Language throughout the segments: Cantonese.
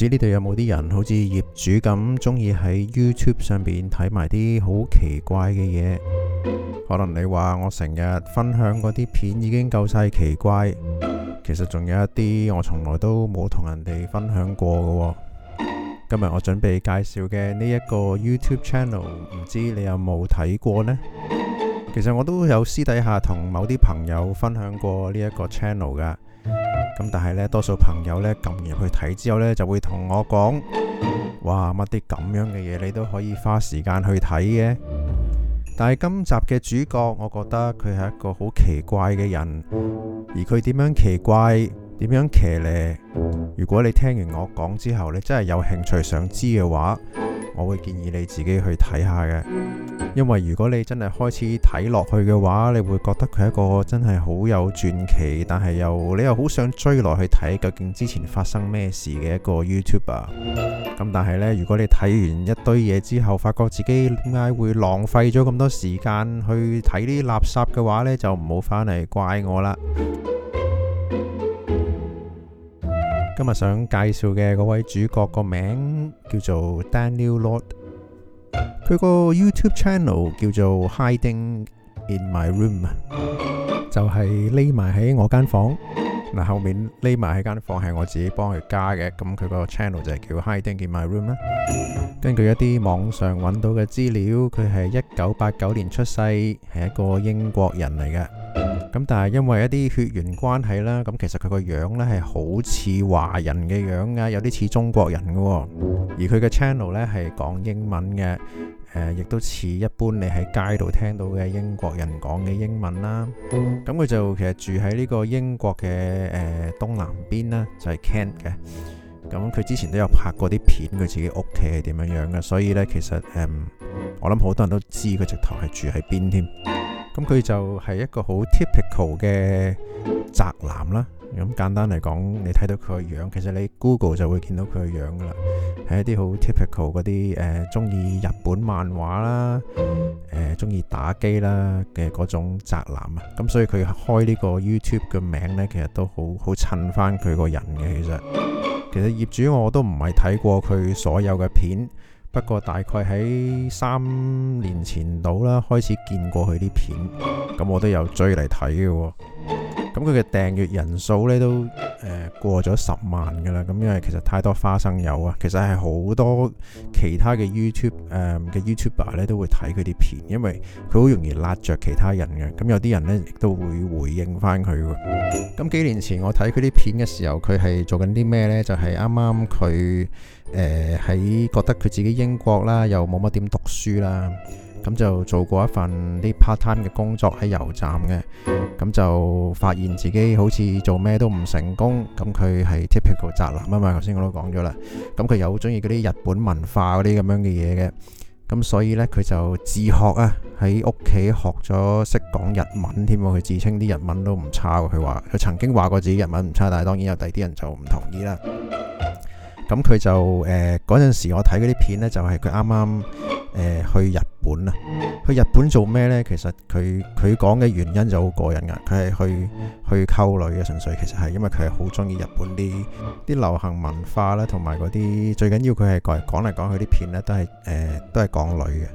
唔知呢度有冇啲人好似業主咁，中意喺 YouTube 上邊睇埋啲好奇怪嘅嘢。可能你話我成日分享嗰啲片已經夠晒奇怪，其實仲有一啲我從來都冇同人哋分享過嘅喎。今日我準備介紹嘅呢一個 YouTube channel，唔知你有冇睇過呢？其實我都有私底下同某啲朋友分享過呢一個 channel 噶。咁但係呢，多數朋友呢撳完去睇之後呢，就會同我講，哇，乜啲咁樣嘅嘢你都可以花時間去睇嘅。但係今集嘅主角，我覺得佢係一個好奇怪嘅人，而佢點樣奇怪，點樣騎呢？如果你聽完我講之後，你真係有興趣想知嘅話，我會建議你自己去睇下嘅，因為如果你真係開始睇落去嘅話，你會覺得佢係一個真係好有傳奇，但係又你又好想追落去睇究竟之前發生咩事嘅一個 YouTuber。咁但係呢，如果你睇完一堆嘢之後，發覺自己點解會浪費咗咁多時間去睇啲垃圾嘅話呢，就唔好返嚟怪我啦。今日想介紹嘅嗰位主角個名叫做 Daniel Lord，佢個 YouTube Channel 叫做 Hiding in My Room 啊，就係匿埋喺我間房。嗱，後面匿埋喺間房係我自己幫佢加嘅，咁佢個 Channel 就係叫 Hiding in My Room 啦。根據一啲網上揾到嘅資料，佢係一九八九年出世，係一個英國人嚟嘅。咁但係因為一啲血緣關係啦，咁其實佢個樣呢係好似華人嘅樣啊，有啲似中國人嘅喎。而佢嘅 channel 呢係講英文嘅，誒亦都似一般你喺街度聽到嘅英國人講嘅英文啦。咁佢就其實住喺呢個英國嘅誒東南邊啦，就係 Kent 嘅。咁佢之前都有拍過啲片，佢自己屋企係點樣樣嘅，所以呢其實誒，我諗好多人都知佢直頭係住喺邊添。咁佢就係一個好 typical 嘅宅男啦。咁簡單嚟講，你睇到佢個樣，其實你 Google 就會見到佢個樣㗎啦。係一啲好 typical 嗰啲誒，中意日本漫畫啦，誒中意打機啦嘅嗰種宅男啊。咁所以佢開呢個 YouTube 嘅名呢，其實都好好襯翻佢個人嘅。其實其實業主我都唔係睇過佢所有嘅片。不過大概喺三年前度啦，開始見過佢啲片，咁我都有追嚟睇嘅喎。咁佢嘅訂閱人數咧都誒過咗十萬噶啦，咁因為其實太多花生友啊，其實係好多其他嘅 YouTube 誒、呃、嘅 YouTuber 咧都會睇佢啲片，因為佢好容易拉着其他人嘅。咁、嗯、有啲人咧亦都會回應翻佢。咁幾年前我睇佢啲片嘅時候，佢係做緊啲咩呢？就係啱啱佢誒喺覺得佢自己英國啦，又冇乜點讀書啦。咁就做過一份啲 part time 嘅工作喺油站嘅，咁就發現自己好似做咩都唔成功。咁佢係 typical 宅男啊嘛，頭先我都講咗啦。咁佢又好中意嗰啲日本文化嗰啲咁樣嘅嘢嘅，咁所以呢，佢就自學啊，喺屋企學咗識講日文添喎。佢自稱啲日文都唔差嘅，佢話佢曾經話過自己日文唔差，但係當然有第啲人就唔同意啦。咁佢、嗯、就誒嗰陣時，我睇嗰啲片呢，就係佢啱啱誒去日本啦。去日本做咩呢？其實佢、佢講嘅原因就好過癮㗎。佢係去去溝女嘅，純粹其實係因為佢係好中意日本啲啲流行文化啦，同埋嗰啲最緊要佢係講嚟講去啲片呢、呃，都係誒都係講女嘅。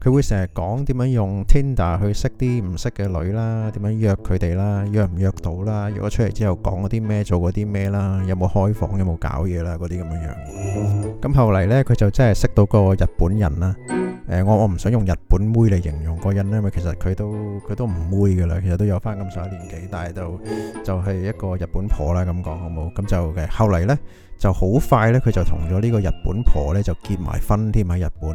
佢會成日講點樣用 Tinder 去識啲唔識嘅女啦，點樣約佢哋啦，約唔約到啦？如果出嚟之後講過啲咩，做過啲咩啦？有冇開房？有冇搞嘢啦？嗰啲咁樣樣。咁、嗯、後嚟呢，佢就真係識到個日本人啦。誒，我我唔想用日本妹嚟形容嗰人咧，因為其實佢都佢都唔妹㗎喇。其實都有返咁上下年紀，但係就就係一個日本婆啦。咁講好冇咁就嘅後嚟呢，就好快呢，佢就同咗呢個日本婆呢，就結埋婚添喺日本。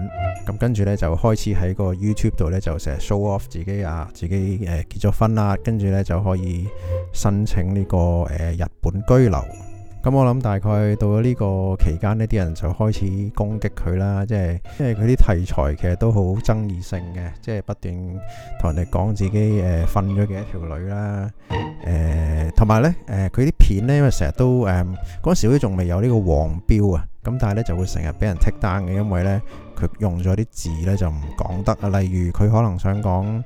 咁跟住呢，就開始喺個 YouTube 度呢，就成日 show off 自己啊，自己誒結咗婚啦，跟住呢，就可以申請呢、這個誒、呃、日本居留。咁我諗大概到咗呢個期間呢，啲人就開始攻擊佢啦，即係因為佢啲題材其實都好爭議性嘅，即係不斷同人哋講自己誒瞓咗幾多條女啦，誒同埋呢，誒佢啲片呢，因為成日都誒嗰陣時呢仲未有呢個黃標啊，咁但係呢，就會成日俾人剔單嘅，因為呢，佢用咗啲字呢就唔講得啊，例如佢可能想講。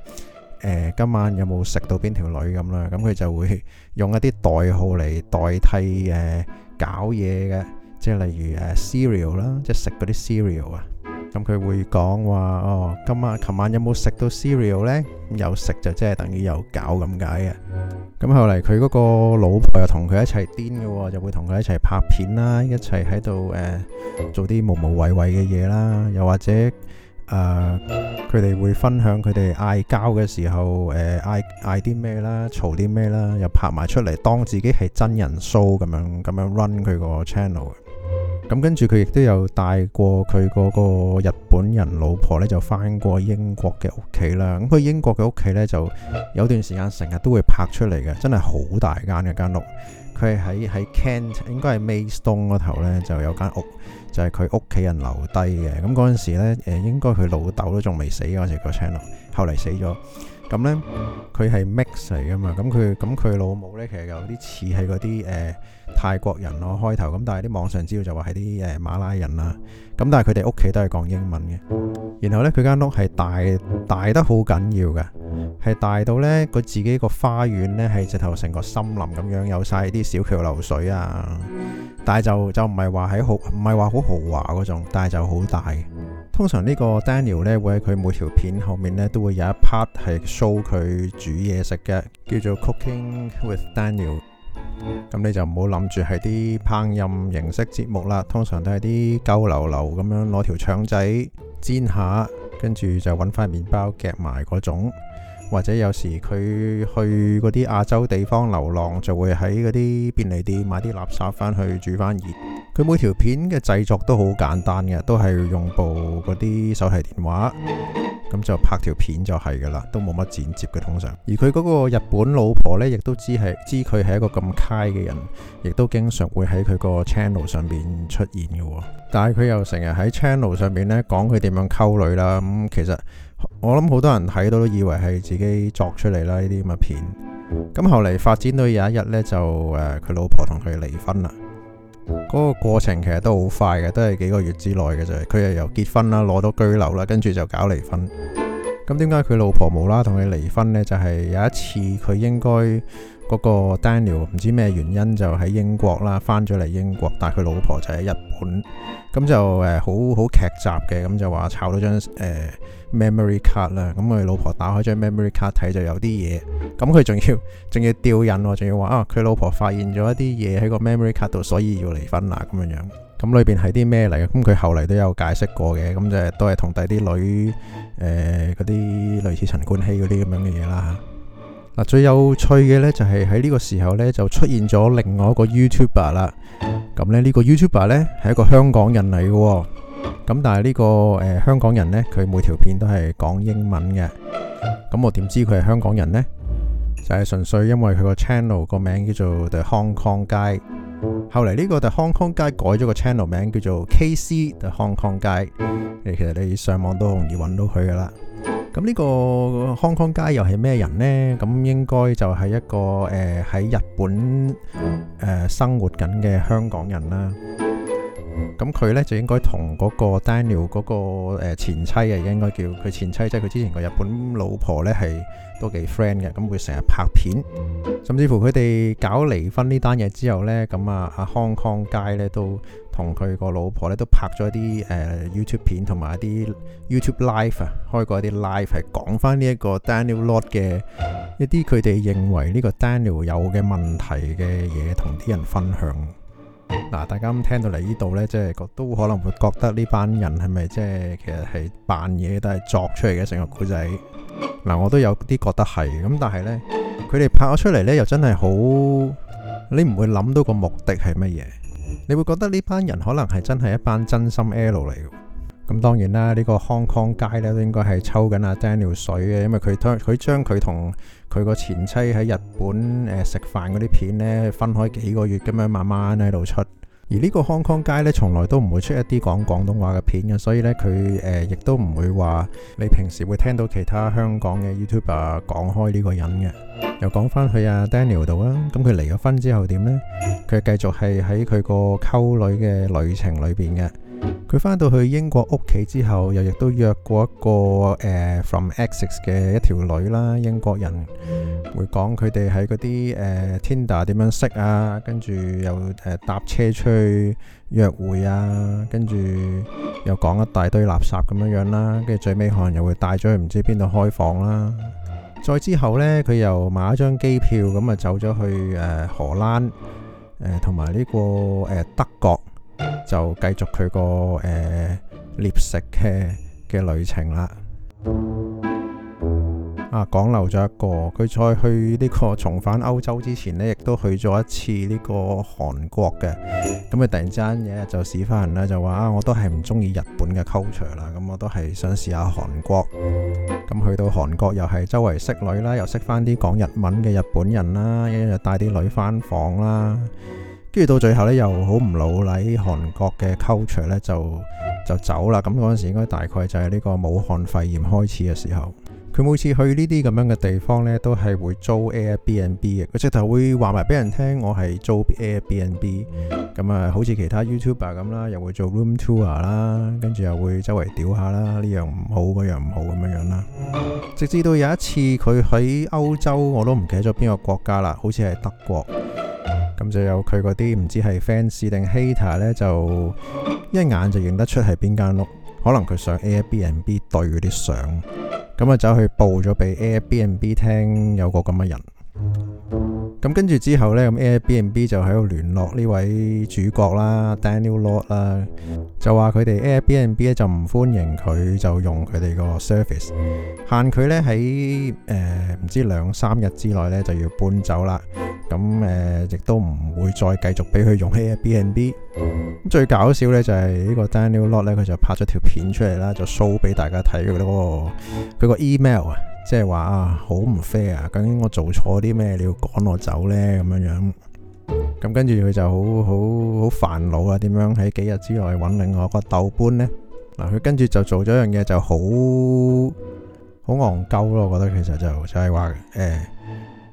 誒今晚有冇食到邊條女咁啦？咁佢就會用一啲代號嚟代替誒、呃、搞嘢嘅，即係例如誒 cereal 啦，呃、cereal, 即係食嗰啲 cereal 啊。咁佢會講話哦，今晚琴晚，晚有冇食到 cereal 呢？有食就即係等於有搞咁解嘅。咁後嚟佢嗰個老婆又同佢一齊癲嘅，就會同佢一齊拍片啦，一齊喺度誒做啲無無謂謂嘅嘢啦，又或者。誒，佢哋、呃、會分享佢哋嗌交嘅時候，誒嗌嗌啲咩啦，嘈啲咩啦，又拍埋出嚟，當自己係真人 show 咁樣咁樣 run 佢個 channel。咁跟住佢亦都有帶過佢嗰個日本人老婆呢，就翻過英國嘅屋企啦。咁佢英國嘅屋企呢，就有段時間成日都會拍出嚟嘅，真係好大間嘅間屋。佢喺喺 Kent 應該係 Maidstone 嗰頭呢，就有間屋，就係佢屋企人留低嘅。咁嗰陣時呢，誒應該佢老豆都仲未死嗰陣時個 channel，後嚟死咗。咁呢，佢係 mix 嚟噶嘛，咁佢咁佢老母呢，其實有啲似係嗰啲誒泰國人咯，開頭咁，但係啲網上資料就話係啲誒馬拉人啦。咁但係佢哋屋企都係講英文嘅。然後呢，佢間屋係大大得好緊要嘅，係大到呢佢自己個花園呢係直頭成個森林咁樣，有晒啲小橋流水啊。但係就就唔係話喺豪，唔係話好豪華嗰種，但係就好大。通常呢個 Daniel 咧，會喺佢每條片後面咧，都會有一 part 係 show 佢煮嘢食嘅，叫做 Cooking with Daniel。咁你就唔好諗住係啲烹飪形式節目啦，通常都係啲鳩流流咁樣攞條腸仔煎下，跟住就揾塊麵包夾埋嗰種，或者有時佢去嗰啲亞洲地方流浪，就會喺嗰啲便利店買啲垃圾返去煮返熱。佢每條片嘅製作都好簡單嘅，都係用部嗰啲手提電話，咁就拍條片就係噶啦，都冇乜剪接嘅通常。而佢嗰個日本老婆呢，亦都知係知佢係一個咁 high 嘅人，亦都經常會喺佢個 channel 上邊出現噶。但係佢又成日喺 channel 上面呢講佢點樣溝女啦，咁、嗯、其實我諗好多人睇到都以為係自己作出嚟啦呢啲咁嘅片。咁後嚟發展到有一日呢，就誒佢、呃、老婆同佢離婚啦。嗰個過程其實都好快嘅，都係幾個月之內嘅啫。佢又由結婚啦，攞到居留啦，跟住就搞離婚。咁點解佢老婆無啦同佢離婚呢，就係、是、有一次佢應該嗰個 Daniel 唔知咩原因就喺英國啦，翻咗嚟英國，但係佢老婆就喺日本，咁就誒好好劇集嘅，咁就話炒到張誒、呃、memory card 啦，咁佢老婆打開張 memory card 睇就有啲嘢，咁佢仲要仲要吊癮喎，仲要話啊佢老婆發現咗一啲嘢喺個 memory card 度，所以要離婚啦咁樣樣。咁裏邊係啲咩嚟啊？咁佢後嚟都有解釋過嘅，咁就係都係同第啲女，誒嗰啲類似陳冠希嗰啲咁樣嘅嘢啦。嗱，最有趣嘅咧就係喺呢個時候咧就出現咗另外一個 YouTuber 啦。咁咧呢個 YouTuber 咧係一個香港人嚟嘅，咁但係呢個誒香港人咧佢每條片都係講英文嘅。咁我點知佢係香港人咧？就係純粹因為佢個 channel 個名叫做 Hong Kong Guy。後嚟呢個就康康街改咗個 channel 名叫做 K.C. 就康康街，誒，其實你上網都容易揾到佢噶啦。咁呢個康康街又係咩人呢？咁應該就係一個誒喺、呃、日本、呃、生活緊嘅香港人啦。咁佢呢，就應該同嗰個 Daniel 嗰個誒前妻啊，應該叫佢前妻，即係佢之前個日本老婆呢，係都幾 friend 嘅，咁會成日拍片，甚至乎佢哋搞離婚呢單嘢之後呢，咁啊阿康康佳呢都同佢個老婆呢都拍咗啲誒 YouTube 片，同埋一啲 YouTube live 啊，開過一啲 live 係講翻呢一個 Daniel Law 嘅一啲佢哋認為呢個 Daniel 有嘅問題嘅嘢，同啲人分享。嗱，大家咁聽到嚟呢度呢，即係都可能會覺得呢班人係咪，即係其實係扮嘢都係作出嚟嘅成個故仔。嗱，呃，我都有啲覺得係，咁但係呢，佢哋拍咗出嚟呢又真係好，你唔會諗到個目的係乜嘢，你會覺得呢班人可能係真係一班真心 L 嚟。咁當然啦，呢個，Kong 呢個康康街咧都應該係抽緊阿 Daniel 水嘅，因為佢佢將佢同佢個前妻喺日本誒、呃、食飯嗰啲片呢分開幾個月咁樣慢慢喺度出。而呢個康康街呢從來都唔會出一啲講廣東話嘅片嘅，所以呢，佢誒亦都唔會話你平時會聽到其他香港嘅 YouTuber 講開呢個人嘅。又講返去阿 Daniel 度啦。咁佢離咗婚之後點呢？佢繼續係喺佢個溝女嘅旅程裏邊嘅。佢返到去英國屋企之後，又亦都約過一個誒，from Essex 嘅一條女啦，英國人會講佢哋喺嗰啲誒 Tinder 點樣識啊，跟住又誒搭車出去約會啊，跟住又講一大堆垃圾咁樣樣啦，跟住最尾可能又會帶咗去唔知邊度開房啦。再之後呢，佢又買一張機票咁啊，走咗去誒荷蘭誒，同埋呢個誒德國。就繼續佢個誒獵食嘅嘅旅程啦。啊，講漏咗一個，佢再去呢個重返歐洲之前呢，亦都去咗一次呢個韓國嘅。咁佢突然之間嘢就試翻人啦，就話啊，我都係唔中意日本嘅 culture 啦，咁我都係想試下韓國。咁去到韓國又係周圍識女啦，又識翻啲講日文嘅日本人啦，一日帶啲女返房啦。跟住到最後咧，又好唔老禮，韓國嘅 Culture 咧就就走啦。咁嗰陣時應該大概就係呢個武漢肺炎開始嘅時候。佢每次去呢啲咁樣嘅地方呢，都係會租 Airbnb 嘅。佢直頭會話埋俾人聽，我係租 Airbnb。咁啊，好似其他 YouTuber 咁啦，又會做 Room Tour 啦，跟住又會周圍屌下啦，呢樣唔好，嗰樣唔好咁樣樣啦。直至到有一次，佢喺歐洲，我都唔記得咗邊個國家啦，好似係德國。咁就有佢嗰啲唔知係 fans 定 hater 呢，就一眼就認得出係邊間屋。可能佢上 Airbnb 對嗰啲相，咁啊走去報咗俾 Airbnb 聽，有個咁嘅人。咁跟住之後呢，咁 Airbnb 就喺度聯絡呢位主角啦，Daniel Lord 啦，就話佢哋 Airbnb 就唔歡迎佢，就用佢哋個 service 限佢呢，喺誒唔知兩三日之內呢就要搬走啦。咁誒、呃、亦都唔會再繼續俾佢用 Airbnb。咁最搞笑呢，就係呢個 Daniel Lord 咧，佢就拍咗條片出嚟啦，就 show 俾大家睇嘅咯。佢個 email 啊。即係話啊，好唔 fair 啊！究竟我做錯啲咩？你要趕我走呢？咁樣樣咁，跟住佢就好好好煩惱啦。點樣喺幾日之內揾另外一個竇搬呢？嗱、啊，佢跟住就做咗一樣嘢，就好好戇鳩咯。我覺得其實就是、就係話誒，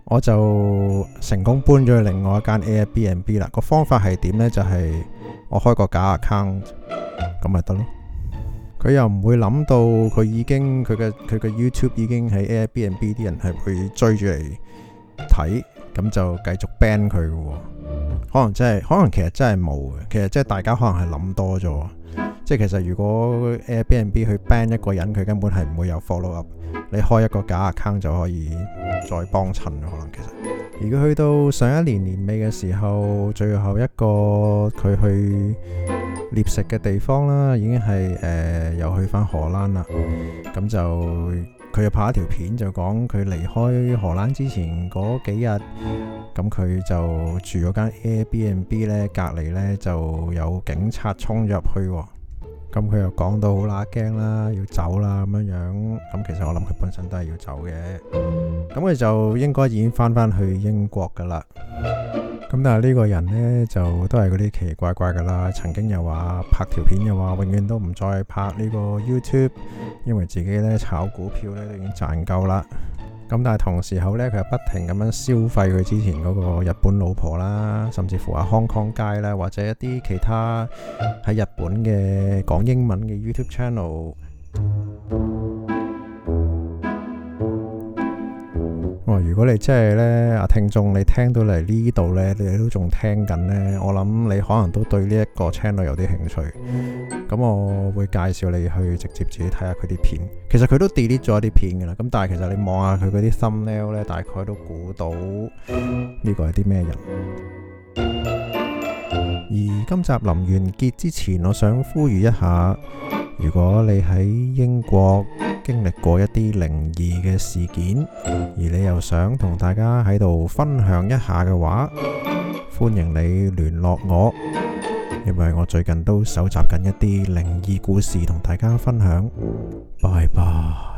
我就成功搬咗去另外一間 Airbnb 啦。個方法係點呢？就係、是、我開個假 account 咁咪得咯。佢又唔會諗到佢已經佢嘅佢嘅 YouTube 已經喺 Airbnb 啲人係會追住嚟睇，咁就繼續 ban 佢嘅喎。可能真係，可能其實真係冇嘅。其實即係大家可能係諗多咗。即係其實如果 Airbnb 去 ban 一個人，佢根本係唔會有 follow up。你開一個假 account 就可以再幫襯。可能其實，而佢去到上一年年尾嘅時候，最後一個佢去獵食嘅地方啦，已經係誒又去返荷蘭啦。咁就佢又拍一條片，就講佢離開荷蘭之前嗰幾日，咁佢就住嗰間 Airbnb 呢，隔籬呢就有警察衝咗入去。咁佢又講到好乸驚啦，要走啦咁樣樣。咁其實我諗佢本身都係要走嘅。咁佢就應該已經返返去英國噶啦。咁但係呢個人呢，就都係嗰啲奇奇怪怪噶啦，曾經又話拍條片又話永遠都唔再拍呢個 YouTube，因為自己呢炒股票呢都已經賺夠啦。咁但係同時候呢，佢又不停咁樣消費佢之前嗰個日本老婆啦，甚至乎話康康街啦，或者一啲其他喺日本嘅講英文嘅 YouTube channel。如果你真係呢，阿聽眾你聽到嚟呢度呢，你都仲聽緊呢，我諗你可能都對呢一個 channel 有啲興趣。咁我會介紹你去直接自己睇下佢啲片。其實佢都 delete 咗一啲片噶啦。咁但係其實你望下佢嗰啲 thumbnail 呢，大概都估到呢個係啲咩人。而今集臨完結之前，我想呼籲一下，如果你喺英國，經歷過一啲靈異嘅事件，而你又想同大家喺度分享一下嘅話，歡迎你聯絡我，因為我最近都搜集緊一啲靈異故事同大家分享。拜拜。Bye.